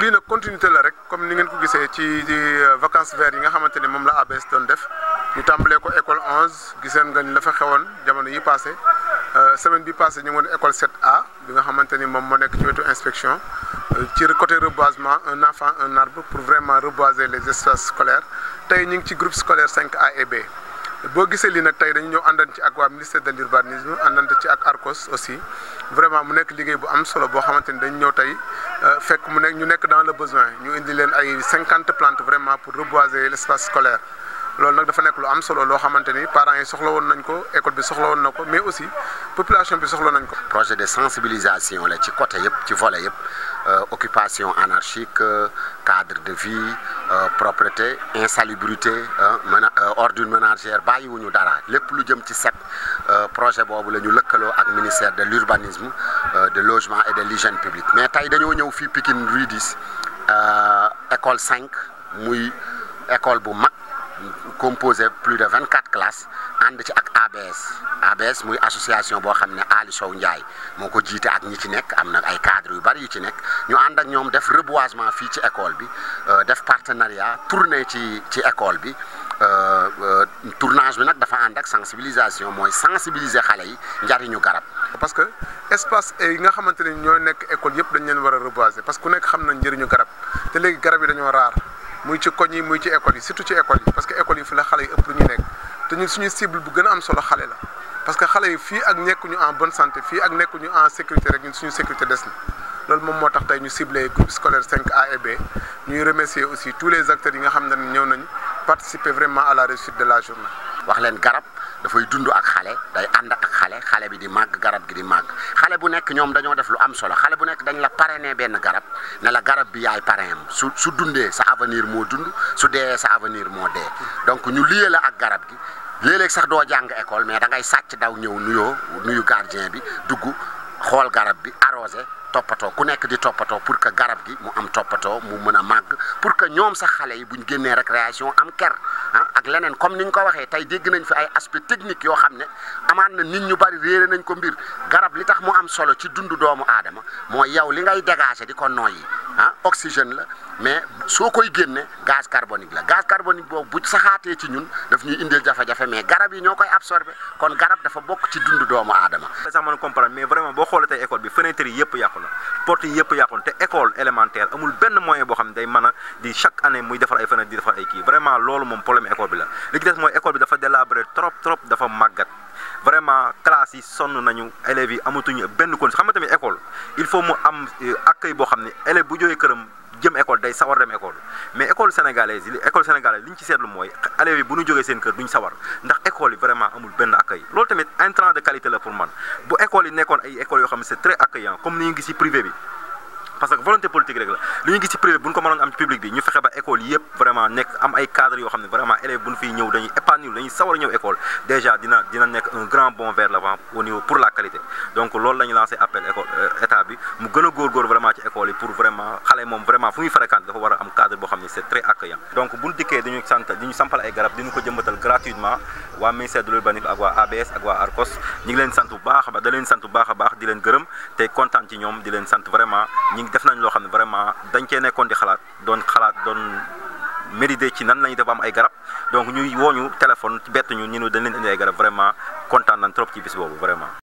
lii nag continuité la rek comme ni ngeen ko gisee ci euh, vacances vertes yi nga xamante ne moom la ABS doon def ñu tàmbalee ko école 11 giseen nga ni la fa xewoon jamono yi passé euh, semaine bi passé ñu ngi école 7A bi nga xamante ni moom moo nekk ci wetu inspection euh, ci côté reboisement un enfant un arbre pour vraiment reboiser les espaces scolaires tey ñu ngi ci groupe scolaire 5A et B. boo gisee lii nag tey dañu ñëw àndante ci ak waa ministère de l'urbanisme àndante ci ak ARCOS aussi vraiment mu nekk liggéey bu am solo boo xamante ni dañu ñëw tey. Euh, fekk mu nekk ñu nekk dans le besoin ñu indi leen ay 50 plantes vraiment pour reboiser l' espace scolaire loolu nag dafa nekk lu am solo loo xamante ni parents yi soxla woon nañ ko école bi soxla woon na ko mais aussi population bi soxla nañ ko. projet de sensibilisation la ci côté yëpp ci volet yëpp. Euh, occupation anarchique, euh, cadre de vie, euh, propreté, insalubrité, hein, ordre ménagère le dara lépp lu jëm ci projet bobu lañu ak ministère de l'urbanisme de logement et de l'hygiène publique mais nous avons ñew fi Pikine Rue école 5 muy école bu mag de plus de 24 classes ànd ci ak ABS ABS muy association boo xam ne Ali Sow Ndiaye moo ko jiite ak ñi ci nekk am na ay cadres yu bari yu ci nekk ñu ànd ak ñoom def reboisement fii ci école bi euh, def partenariat tournée ci ci école bi euh, euh, tournage bi nag dafa ànd ak sensibilisation mooy sensibiliser xale yi njariñu garab. parce que espace yi nga xamante ñoo nekk école yëpp dañ leen war a reboiser parce que ku nekk xam na njëriñu garab te léegi garab yi dañoo raar muy ci koñ yi muy ci te ñun suñu cible bu gën a am solo xale la parce que xale yi fii ak nekkuñu en bonne santé fii ak nekkuñu en sécurité rek ñun suñu sécurité des na loolu moom moo tax tey ñu ciblé groupe scolaire 5A et B ñuy remercier aussi tous les acteurs yi nga xam ne ñëw nañ participer vraiment à la réussite de la journée. wax leen garab dafay dund ak xale day ànd ak xale xale bi di màgg garab gi di màgg xale bu nekk ñoom dañoo def lu am solo xale bu nekk dañ la parrainé benn garab ne la garab bi yaay parrain su su dundee avenir moo dund su dee sa avenir moo dee donc ñu lié la ak garab gi léeg-léeg sax doo jàng école mais da ngay sàcc daw ñëw nuyoo nuyu gardien bi dugg xool garab bi arrosé toppatoo ku nekk di toppatoo pour que garab gi mu am toppatoo mu mën a màgg pour que ñoom sax xale yi buñ génnee récréation am ker ah ak leneen comme ni ñu ko waxee tey dégg nañ fi ay aspect technique yoo xam ne amaan na nit ñu bari réere nañ ko mbir garab li tax mu am solo ci dund doomu aadama mooy yow li ngay oxygène la mais soo koy génne gaz carbonique la gaz carbonique boobu bu saxaatee ci ñun daf ñuy indil jafe-jafe mais garab yi ñoo koy absorbé kon garab dafa bokk ci dund doomu aadama. sax mën comprendre mais vraiment boo xoolee tey école bi fenêtre yi yëpp yàqu na porte yi yëpp na te école élémentaire amul benn moyen boo xam ne day mën a di chaque année muy defar ay fenêtre di defar ay kii vraiment loolu moom problème école bi la li ci des mooy école bi dafa délabré trop trop dafa vraiment classes yi sonn nañu élèves yi amatuñu benn kon xam tamit école il faut mu am euh, accueil boo xam ne élève bu jógee këram jëm école day sawar dem école mais école sénégalaise yi école sénégalaise li ñu ci seetlu mooy élèves yi bu ñu jógee seen kër duñ sawar ndax école yi vraiment amul benn accueil loolu tamit intrant de qualité la pour man bu école yi nekkoon ay écoles yoo xam c'est très accueillant comme ni ñu gis ci privé bi parce que volonté politique rek la li ñu gis ci privé buñ ko mënoon am ci public bi ñu fexé ba école yépp vraiment nek am ay cadres yo xamné vraiment élèves buñ fi ñëw dañuy épanouir dañuy sawar ñëw école déjà dina dina nek un grand bond vers l'avant au niveau pour la qualité donc loolu la lancé appel école euh, état bi mu gëna gor gor vraiment ci école yi pour vraiment xalé mom vraiment fu muy fréquente dafa war am cadre bo xamné c'est très accueillant donc buñ ñu dañu sant dañu sampal ay garab dañu ko jëmbatal gratuitement waa ministère de l'urbanisme ak waa ABS ak waa ARCOS ñi ngi leen sant bu baax a da leen sant bu baax a baax di leen gërëm te kontaan ci ñoom di leen sant vraiment ñi ngi def nañ loo xam ne vraiment dañ cee nekkoon di xalaat doon xalaat doon mérité ci nan lañu def am ay garab donc ñuy wooñu téléphone bett ñu ñu dañ leen indi ay garab vraiment kontaan nañ trop ci bis boobu vraiment